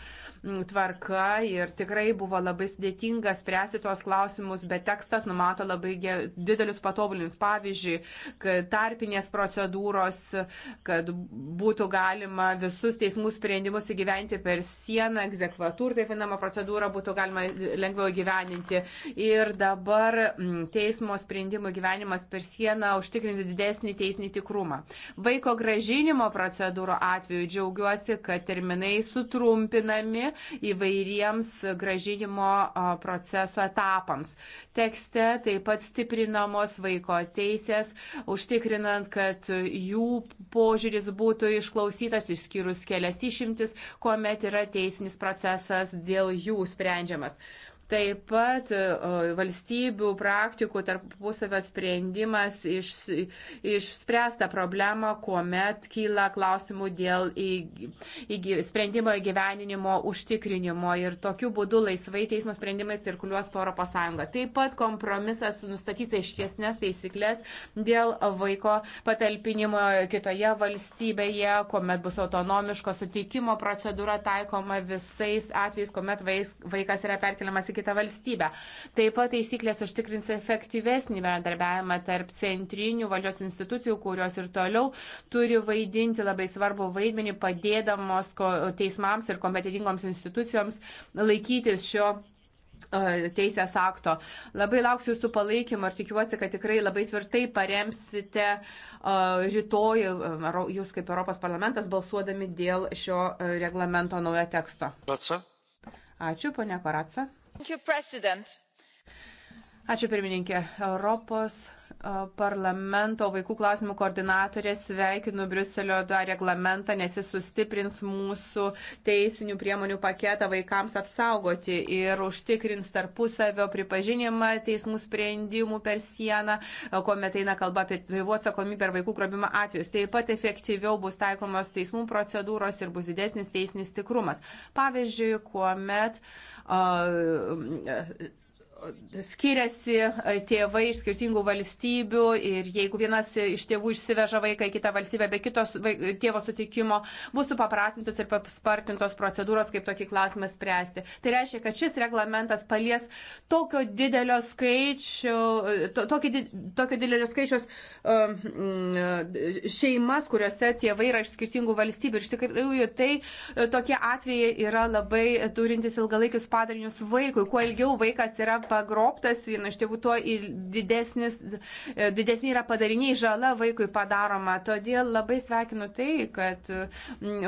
Mm, tvarka ir tikrai buvo labai sudėtinga spręsti tuos klausimus, bet tekstas numato labai didelius patobulinius. Pavyzdžiui, kad tarpinės procedūros, kad būtų galima visus teismų sprendimus įgyventi per sieną, egzekvatur, taip vienama procedūra būtų galima lengviau gyveninti. Ir dabar mm, teismo sprendimų gyvenimas per sieną užtikrins didesnį teisinį tikrumą. Vaiko gražinimo procedūrų atveju džiaugiuosi, kad terminai sutrumpinami įvairiems gražinimo proceso etapams. Tekste taip pat stiprinamos vaiko teisės, užtikrinant, kad jų požiūris būtų išklausytas, išskyrus kelias išimtis, kuomet yra teisinis procesas dėl jų sprendžiamas. Taip pat e, valstybių praktikų tarpusavio sprendimas iš, išspręsta problema, kuomet kyla klausimų dėl į, į, sprendimo įgyveninimo užtikrinimo ir tokiu būdu laisvai teismo sprendimai cirkuliuos po ES. Taip pat kompromisas nustatys aiškesnės taisyklės dėl vaiko patalpinimo kitoje valstybėje, kuomet bus autonomiško sutikimo procedūra taikoma visais atvejais, kuomet vaikas yra perkeliamas į kitą valstybę. Taip pat taisyklės užtikrins efektyvesnį bendarbiavimą tarp centrinių valdžios institucijų, kurios ir toliau turi vaidinti labai svarbu vaidmenį, padėdamos teismams ir kompetitingoms institucijoms laikytis šio e, teisės akto. Labai lauksiu jūsų palaikymo ir tikiuosi, kad tikrai labai tvirtai paremsite uh, rytoj uh, jūs kaip Europos parlamentas balsuodami dėl šio reglamento naujo teksto. Ačiū, ponia Koratsa mr president Ačiū pirmininkė. Europos parlamento vaikų klausimų koordinatorė sveikinu Briuselio reglamentą, nes jis sustiprins mūsų teisinių priemonių paketą vaikams apsaugoti ir užtikrins tarpusavio pripažinimą teismų sprendimų per sieną, kuomet eina kalba apie tėvų atsakomybę ir vaikų grobimą atvejus. Taip pat efektyviau bus taikomos teismų procedūros ir bus didesnis teisinis tikrumas. Pavyzdžiui, kuomet uh, skiriasi e, tėvai iš skirtingų valstybių ir jeigu vienas iš tėvų išsiveža vaiką į kitą valstybę be kitos tėvo sutikimo, bus supaprastintos ir paspartintos procedūros, kaip tokį klausimą spręsti. Tai reiškia, kad šis reglamentas palies tokio didelio skaičio, to, tokio, tokio didelio skaičios e, šeimas, kuriuose tėvai yra iš skirtingų valstybių. Ir iš tikrųjų tai e, tokie atvejai yra labai turintis ilgalaikius padarinius vaikui. Kuo ilgiau vaikas yra pagrobtas vieno iš tėvų, tuo didesnis, e, didesnė yra padariniai žala vaikui padaroma. Todėl labai sveikinu tai, kad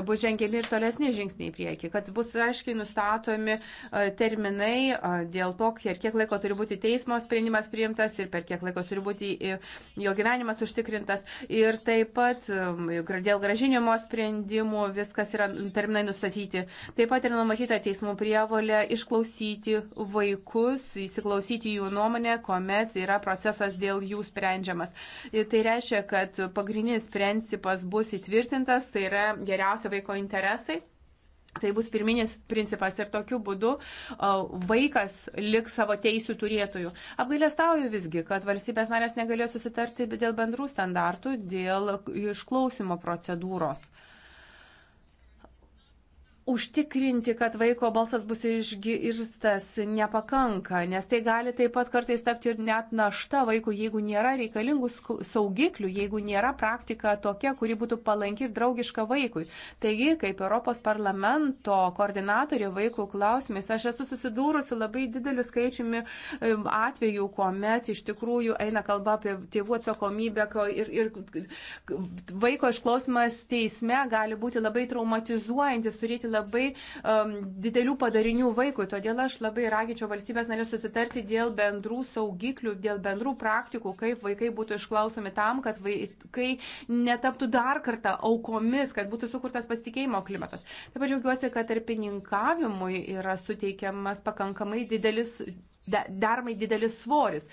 bus žengiami ir tolesni žingsniai į priekį, kad bus aiškiai nustatomi e, terminai e, dėl to, per kiek laiko turi būti teismo sprendimas priimtas ir per kiek laiko turi būti jo gyvenimas užtikrintas. Ir taip pat dėl gražinimo sprendimų viskas yra terminai nustatyti. Taip pat yra numatyta teismų prievolė išklausyti vaikus, įsiklausyti jų nuomonę, kuomet yra procesas dėl jų sprendžiamas. Tai reiškia, kad pagrindinis principas bus įtvirtintas, tai yra geriausia vaiko interesai. Tai bus pirminis principas ir tokiu būdu vaikas liks savo teisų turėtojų. Apgailestauju visgi, kad valstybės narės negalėjo susitarti dėl bendrų standartų, dėl išklausimo procedūros. Užtikrinti, kad vaiko balsas bus išgirstas, nepakanka, nes tai gali taip pat kartais tapti ir net našta vaikų, jeigu nėra reikalingų saugiklių, jeigu nėra praktika tokia, kuri būtų palanki ir draugiška vaikui. Taigi, kaip Europos parlamento koordinatorė vaikų klausimais, aš esu susidūrusi labai dideliu skaičiumi atvejų, kuomet iš tikrųjų eina kalba apie tėvų atsakomybę ir, ir vaiko išklausimas teisme gali būti labai traumatizuojantis, turėti labai labai um, didelių padarinių vaikui. Todėl aš labai ragičiau valstybės narės susitarti dėl bendrų saugiklių, dėl bendrų praktikų, kaip vaikai būtų išklausomi tam, kad vaikai netaptų dar kartą aukomis, kad būtų sukurtas pasitikėjimo klimatas. Taip pat džiaugiuosi, kad tarpininkavimui yra suteikiamas pakankamai didelis dermai didelis svoris,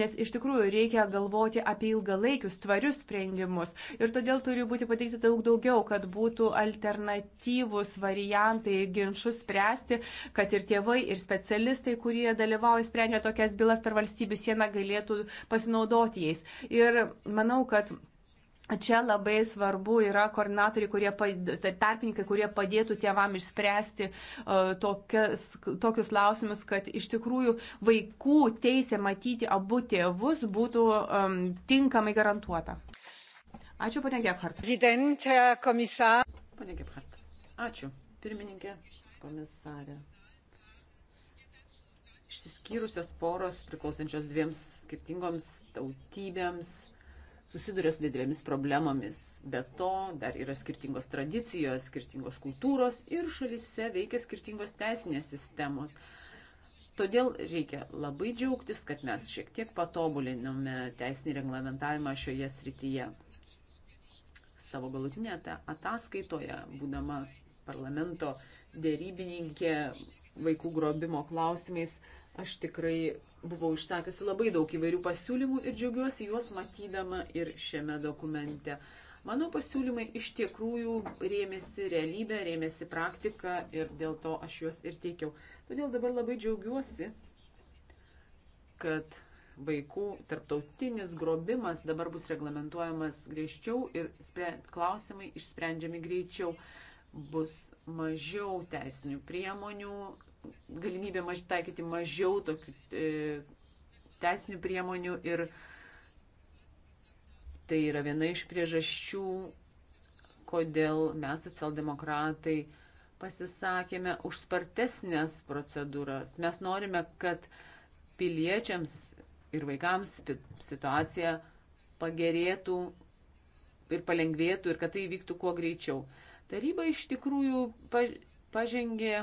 nes iš tikrųjų reikia galvoti apie ilgalaikius, tvarius sprendimus. Ir todėl turi būti pateikti daug daugiau, kad būtų alternatyvus variantai ginčius spręsti, kad ir tėvai, ir specialistai, kurie dalyvauja sprendžia tokias bylas per valstybių sieną, galėtų pasinaudoti jais. Ir manau, kad Čia labai svarbu yra koordinatoriai, kurie, tai tarpininkai, kurie padėtų tėvam išspręsti uh, tokias, tokius klausimus, kad iš tikrųjų vaikų teisė matyti abu tėvus būtų um, tinkamai garantuota. Ačiū, ponė Gebhardt. Zidentė, komisar. Ponė Gebhardt. Ačiū, pirmininkė, komisarė. Išsiskyrusios poros priklausančios dviems skirtingoms tautybėms susiduria su didelėmis problemomis. Be to, dar yra skirtingos tradicijos, skirtingos kultūros ir šalise veikia skirtingos teisinės sistemos. Todėl reikia labai džiaugtis, kad mes šiek tiek patobulinome teisinį reglamentavimą šioje srityje. Savo galutinėje ataskaitoje, būdama parlamento dėrybininkė vaikų grobimo klausimais, aš tikrai buvau išsakiusi labai daug įvairių pasiūlymų ir džiaugiuosi juos matydama ir šiame dokumente. Mano pasiūlymai iš tikrųjų rėmėsi realybę, rėmėsi praktiką ir dėl to aš juos ir teikiau. Todėl dabar labai džiaugiuosi, kad vaikų tarptautinis grobimas dabar bus reglamentuojamas greičiau ir klausimai išsprendžiami greičiau. Bus mažiau teisinių priemonių, galimybė maž, taikyti mažiau tokių e, teisinių priemonių ir tai yra viena iš priežasčių, kodėl mes socialdemokratai pasisakėme už spartesnės procedūras. Mes norime, kad piliečiams ir vaikams situacija pagerėtų ir palengvėtų ir kad tai vyktų kuo greičiau. Taryba iš tikrųjų pažengė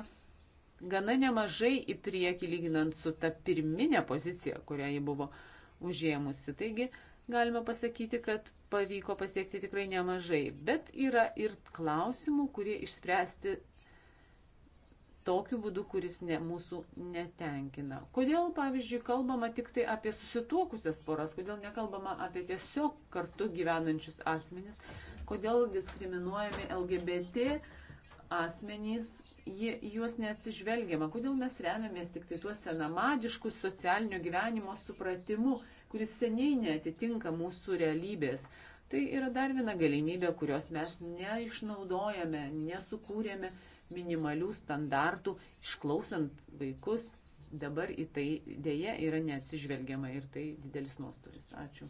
gana nemažai į priekį lyginant su ta pirminė pozicija, kurią ji buvo užėmusi. Taigi galima pasakyti, kad pavyko pasiekti tikrai nemažai, bet yra ir klausimų, kurie išspręsti tokiu būdu, kuris ne, mūsų netenkina. Kodėl, pavyzdžiui, kalbama tik tai apie susituokusias poras, kodėl nekalbama apie tiesiog kartu gyvenančius asmenys, kodėl diskriminuojami LGBT asmenys juos neatsižvelgiama. Kodėl mes remiamės tik tai tuo senamadišku socialinio gyvenimo supratimu, kuris seniai netitinka mūsų realybės. Tai yra dar viena galimybė, kurios mes neišnaudojame, nesukūrėme minimalių standartų, išklausant vaikus. Dabar į tai dėje yra neatsižvelgiama ir tai didelis nuostolis. Ačiū.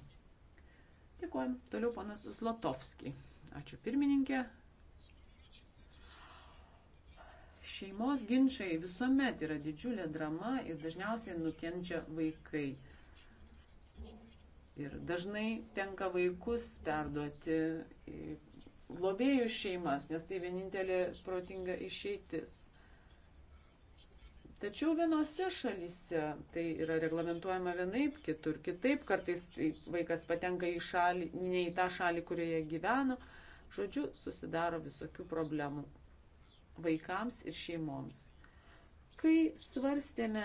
Dėkuojam. Toliau ponas Zlotovski. Ačiū pirmininkė, Šeimos ginčiai visuomet yra didžiulė drama ir dažniausiai nukenčia vaikai. Ir dažnai tenka vaikus perduoti globėjų šeimas, nes tai vienintelė protinga išeitis. Tačiau vienose šalyse tai yra reglamentuojama vienaip, kitur kitaip, kartais tai vaikas patenka į šalį, ne į tą šalį, kurioje gyveno, žodžiu, susidaro visokių problemų vaikams ir šeimoms. Kai svarstėme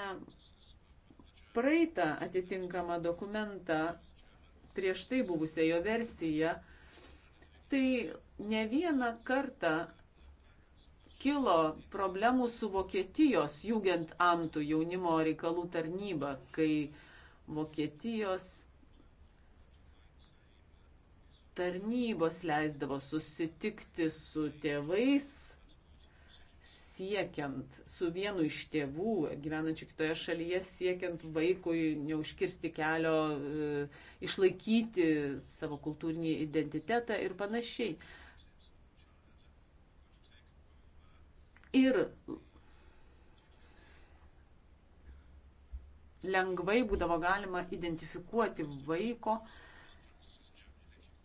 praeitą atitinkamą dokumentą, prieš tai buvusią jo versiją, tai ne vieną kartą kilo problemų su Vokietijos Jugend Amtų jaunimo reikalų tarnyba, kai Vokietijos tarnybos leisdavo susitikti su tėvais siekiant su vienu iš tėvų gyvenančių kitoje šalyje, siekiant vaikui neužkirsti kelio, e, išlaikyti savo kultūrinį identitetą ir panašiai. Ir lengvai būdavo galima identifikuoti vaiko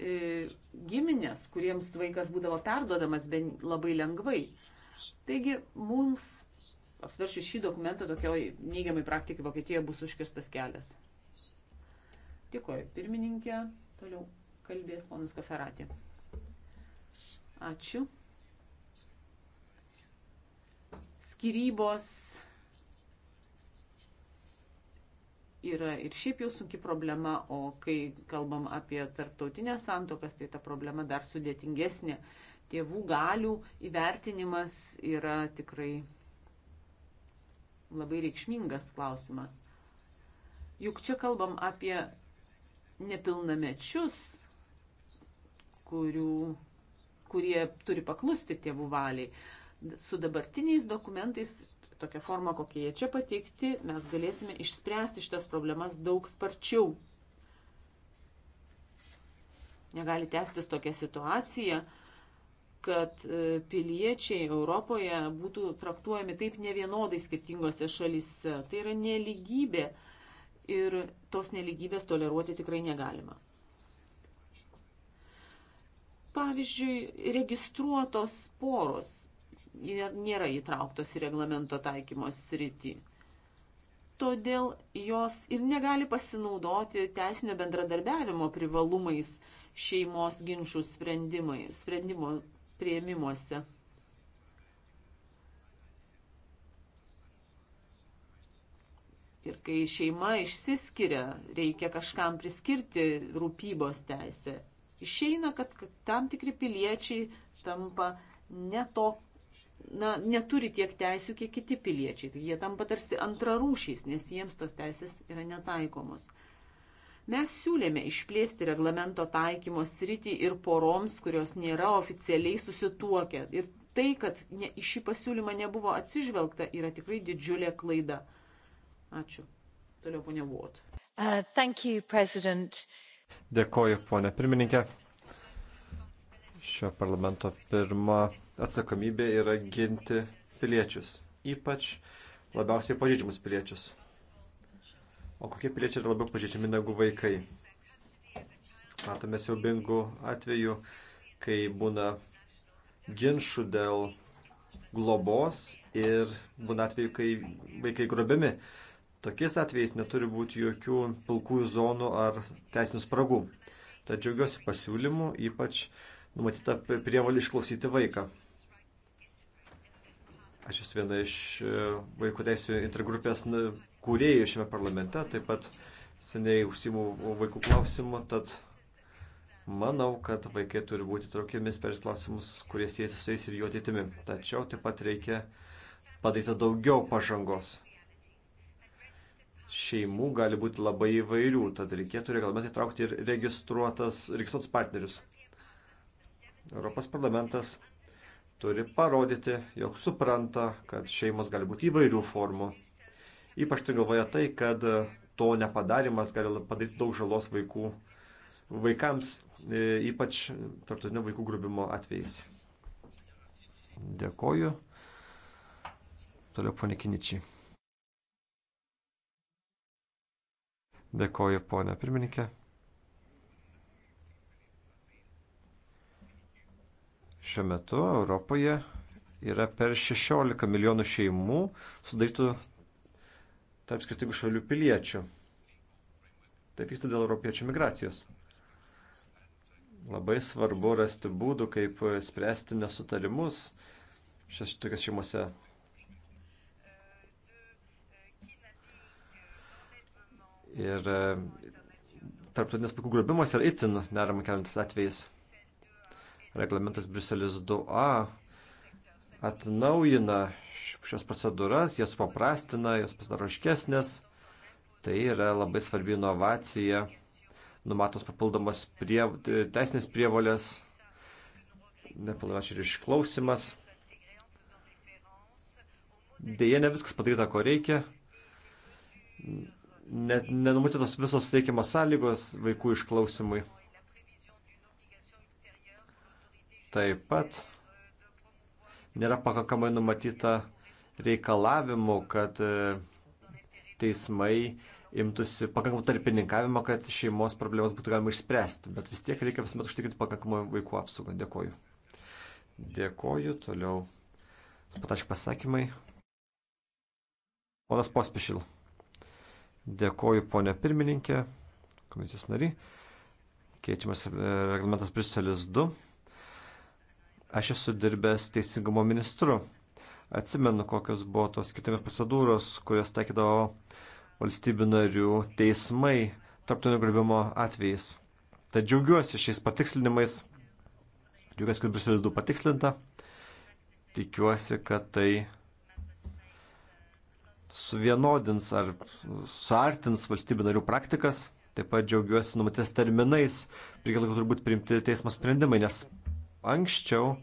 e, giminės, kuriems vaikas būdavo perduodamas labai lengvai. Taigi mums, apsvaršiu šį dokumentą, tokioj neigiamai praktikai Vokietijoje bus užkirstas kelias. Dėkuoju, pirmininkė. Toliau kalbės ponas Kaferatė. Ačiū. Skirybos yra ir šiaip jau sunki problema, o kai kalbam apie tarptautinės santokas, tai ta problema dar sudėtingesnė. Uh, tėvų galių įvertinimas yra tikrai labai reikšmingas klausimas. Juk čia kalbam apie nepilnamečius, kurių, kurie turi paklusti tėvų valiai. Su dabartiniais dokumentais, tokia forma, kokie jie čia pateikti, mes galėsime išspręsti šitas problemas daug sparčiau. Negali tęstis tokia situacija, kad e, piliečiai Europoje būtų traktuojami taip nevienodai skirtingose šalise. Tai yra neligybė ir tos neligybės toleruoti tikrai negalima. Pavyzdžiui, registruotos poros nėra įtrauktos į reglamento taikymos sritį todėl jos ir negali pasinaudoti teisinio bendradarbiavimo privalumais šeimos ginčių sprendimo prieimimuose. Ir kai šeima išsiskiria, reikia kažkam priskirti rūpybos teisę. Išeina, kad, kad tam tikri piliečiai tampa ne to, na, neturi tiek teisų, kiek kiti piliečiai. Jie tampa tarsi antrarūšiais, nes jiems tos teisės yra netaikomos. Mes siūlėme išplėsti reglamento taikymo sritį ir poroms, kurios nėra oficialiai susituokę. Ir tai, kad ne, į šį pasiūlymą nebuvo atsižvelgta, yra tikrai didžiulė klaida. Ačiū. Toliau ponia Vot. Uh, you, President. Dėkoju, ponia pirmininkė. Šio parlamento pirma atsakomybė yra ginti piliečius, ypač labiausiai pažydžiamus piliečius. O kokie piliečiai yra labiau pažeidžiami negu vaikai? Matome siaubingų atvejų, kai būna ginčių dėl globos ir būna atveju, kai vaikai grobiami. Tokiais atvejais neturi būti jokių pilkųjų zonų ar teisinių spragų. Tad džiaugiuosi pasiūlymu, ypač numatyta prievalį išklausyti vaiką. Aš esu viena iš e, vaikų teisų intergrupės kūrėjų šiame parlamente, taip pat seniai užsimų vaikų klausimų, tad manau, kad vaikai turi būti traukiami per klausimus, kurie siejasi su jais ir jų ateitimi. Tačiau taip pat reikia padaryti daugiau pažangos. Šeimų gali būti labai įvairių, tad reikėtų reglamentai traukti ir registruotas, registruotus partnerius. Europos parlamentas turi parodyti, jog supranta, kad šeimos gali būti įvairių formų. Ypač tai galvoja tai, kad to nepadarimas gali padaryti daug žalos vaikų, vaikams, e, ypač tartutinio vaikų grubimo atvejais. Dėkoju. Toliau ponė Kiničiai. Dėkoju ponė pirmininkė. Šiuo metu Europoje yra per 16 milijonų šeimų sudarytų tarp skirtingų šalių piliečių. Taip vyksta dėl europiečių migracijos. Labai svarbu rasti būdų, kaip spręsti nesutarimus šias tokias šeimose. Ir e, tarptautinės pakų grobimas yra itin neramą keliantis atvejais reglamentas Briselis 2a atnaujina šias procedūras, jas paprastina, jas pasidaro iškesnės. Tai yra labai svarbi inovacija, numatos papildomas prie, teisinės prievolės, nepilnamečių ir išklausimas. Deja, ne viskas padaryta, ko reikia. Net nenumatytos visos reikiamos sąlygos vaikų išklausimui. Taip pat nėra pakankamai numatyta reikalavimų, kad e, teismai imtųsi pakankamų tarpininkavimo, kad šeimos problemas būtų galima išspręsti, bet vis tiek reikia visuomet užtikrinti pakankamą vaikų apsaugą. Dėkoju. Dėkoju, toliau. Patašk pasakymai. Ponas Pospešil. Dėkoju, ponė pirmininkė, komisijos nari. Keičiamas e, reglamentas Briselis 2. Aš esu dirbęs teisingumo ministru. Atsimenu, kokios buvo tos kitomis procedūros, kurias taikydavo valstybių narių teismai tarptautinio grobimo atvejais. Tad džiaugiuosi šiais patikslinimais. Džiaugiuosi, kad Bruselis 2 patikslinta. Tikiuosi, kad tai suvienodins ar suartins valstybių narių praktikas. Taip pat džiaugiuosi numatytas terminais, reikia laiko turbūt priimti teismo sprendimai, nes anksčiau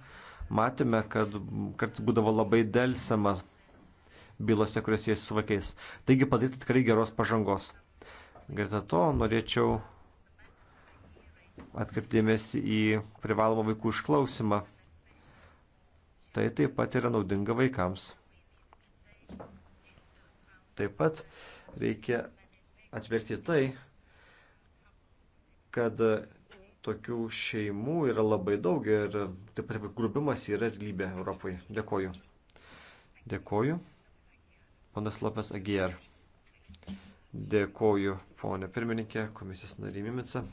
matėme, kad kartais būdavo labai dėlsama bylose, kuriuose jis su vaikais. Taigi padaryti tikrai geros pažangos. Greta to norėčiau atkreipdėmėsi į privalomą vaikų išklausimą. Tai taip pat yra naudinga vaikams. Taip pat reikia atverti tai, kad tokių šeimų yra labai daug ir taip pat grubimas yra lygybė Europoje. Dėkoju. Dėkoju. Ponas Lopes Agier. Dėkoju, ponė pirmininkė, komisijos narė Mimica.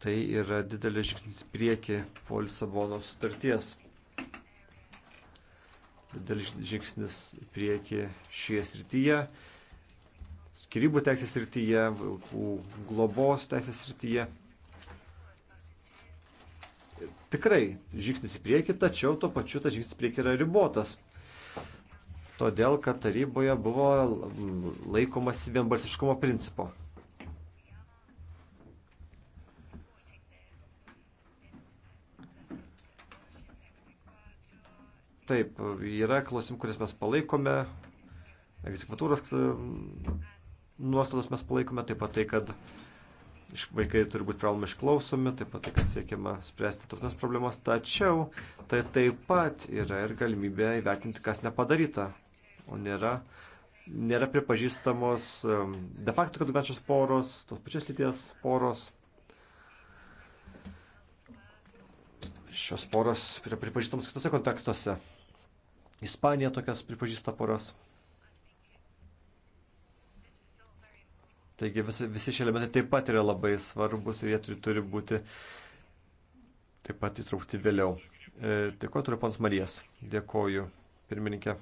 Tai yra didelis žingsnis prieki po Lisabono sutarties didelis žingsnis prieki šioje srityje skirybų teisės srityje, vaikų globos teisės srityje. Tikrai žingsnis į priekį, tačiau tuo pačiu tas žingsnis į priekį yra ribotas. Todėl, kad taryboje buvo laikomasi vienbalsiškumo principo. Taip, yra klausimų, kuris mes palaikome, egzekvatūros nuostatas mes palaikome, taip pat tai, kad vaikai turi būti privalomai išklausomi, taip pat tai, kad siekiama spręsti tarptautinės problemas, tačiau tai taip pat yra ir galimybė įvertinti, kas nepadaryta, o nėra, nėra pripažįstamos de facto kodugančios poros, tos pačios lyties poros. Šios poros yra pripažįstamos kitose kontekstuose. Ispanija tokias pripažįsta poras. Taigi visi, visi šie elementai taip pat yra labai svarbus ir jie turi, turi būti taip pat įtraukti vėliau. E, dėkuoju, turiu pons Marijas. Dėkuoju, pirmininkė.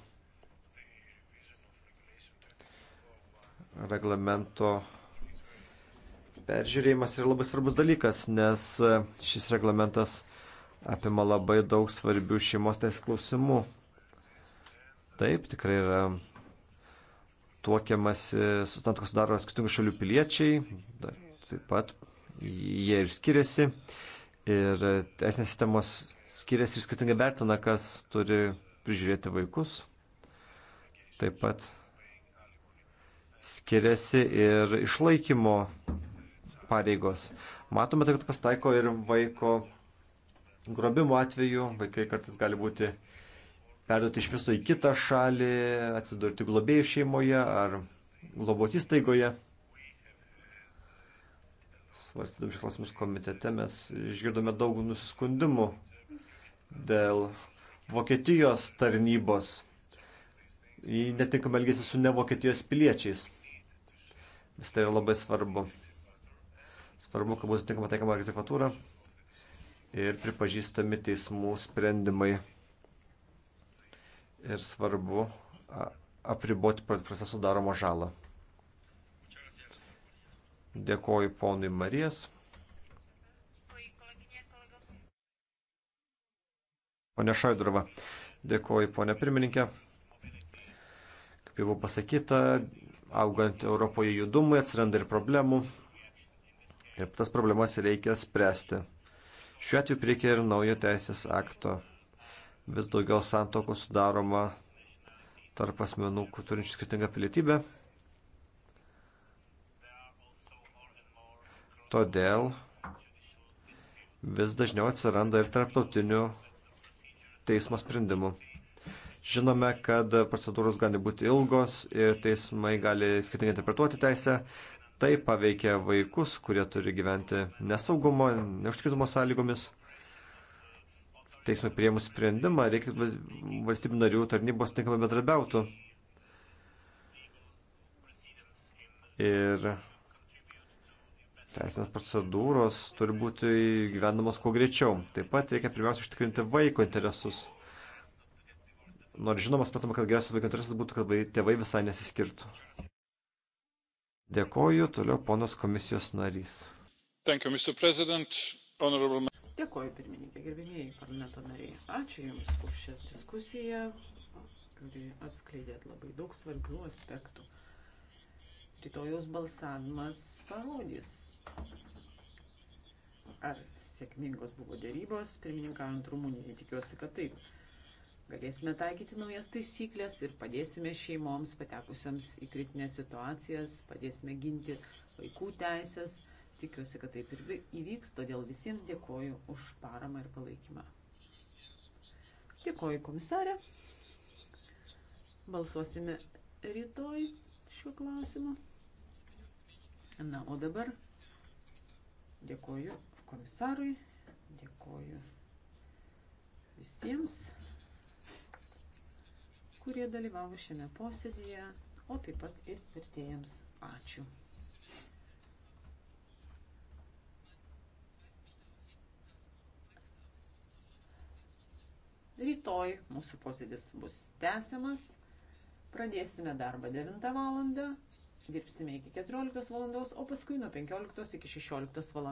Reglamento peržiūrėjimas yra labai svarbus dalykas, nes šis reglamentas apima labai daug svarbių šeimos teisės klausimų. Taip, tikrai yra tuokiamasi, santokas sudaro skirtingų šalių piliečiai, taip pat jie ir skiriasi. Ir teisinės sistemos skiriasi ir skirtingai vertina, kas turi prižiūrėti vaikus. Taip pat skiriasi ir išlaikymo pareigos. Matome, kad pasitaiko ir vaiko grobimo atveju. Vaikai kartais gali būti perduoti iš viso į kitą šalį, atsidurti globėjų šeimoje ar globos įstaigoje. Svarstydami šį klausimus komitete mes išgirdome daug nusiskundimų dėl Vokietijos tarnybos į netinkamą elgesį su ne Vokietijos piliečiais. Vis tai yra labai svarbu. Svarbu, kad būtų tinkama taikama egzekvatūra ir pripažįstami teismų sprendimai ir svarbu apriboti proceso daromą žalą. Dėkoju ponui Marijas. Pone Šaidrova, dėkoju ponė pirmininkė. Kaip jau pasakyta, augant Europoje judumui atsiranda ir problemų. Ir tas problemas reikia spręsti. Šiuo atveju reikia ir naujo teisės akto vis daugiau santokų sudaroma tarp asmenų, turinčių skirtingą pilietybę. Todėl vis dažniau atsiranda ir tarptautinių teismo sprendimų. Žinome, kad procedūros gali būti ilgos ir teismai gali skirtingai interpretuoti teisę. Tai paveikia vaikus, kurie turi gyventi nesaugumo, neužtikritumo sąlygomis teismai prieimus sprendimą, reikia, kad valstybių narių tarnybos tinkamai bendrabiautų. Ir teisinės procedūros turi būti gyvenamos kuo greičiau. Taip pat reikia pirmiausia užtikrinti vaiko interesus. Nors žinoma, suprantama, kad geriausias vaiko interesas būtų, kad tėvai visai nesiskirtų. Dėkoju, toliau ponas komisijos narys. Thank you, Mr. President. Honorable... Dėkoju pirmininkė, gerbėmėjai parlamento nariai. Ačiū Jums už šią diskusiją, kuri atskleidėt labai daug svarbių aspektų. Rytojaus balsavimas parodys, ar sėkmingos buvo dėrybos, pirmininkaujant Rumunijai, tikiuosi, kad taip. Galėsime taikyti naujas taisyklės ir padėsime šeimoms patekusiams į kritinės situacijas, padėsime ginti vaikų teisės, tikiuosi, kad taip ir įvyks, todėl visiems dėkoju už paramą ir palaikymą. Dėkoju komisarė. Balsuosime rytoj šiuo klausimu. Na, o dabar dėkoju komisarui, dėkoju visiems, kurie dalyvavo šiame posėdėje, o taip pat ir vertėjams. Ačiū. Rytoj mūsų posėdis bus tęsiamas. Pradėsime darbą 9 val. Dirbsime iki 14 val. o paskui nuo 15 iki 16 val.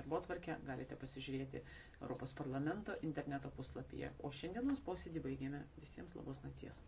Darbo tvarkę galite pasižiūrėti Europos parlamento interneto puslapyje. O šiandienos posėdį baigėme. Visiems labos nakties.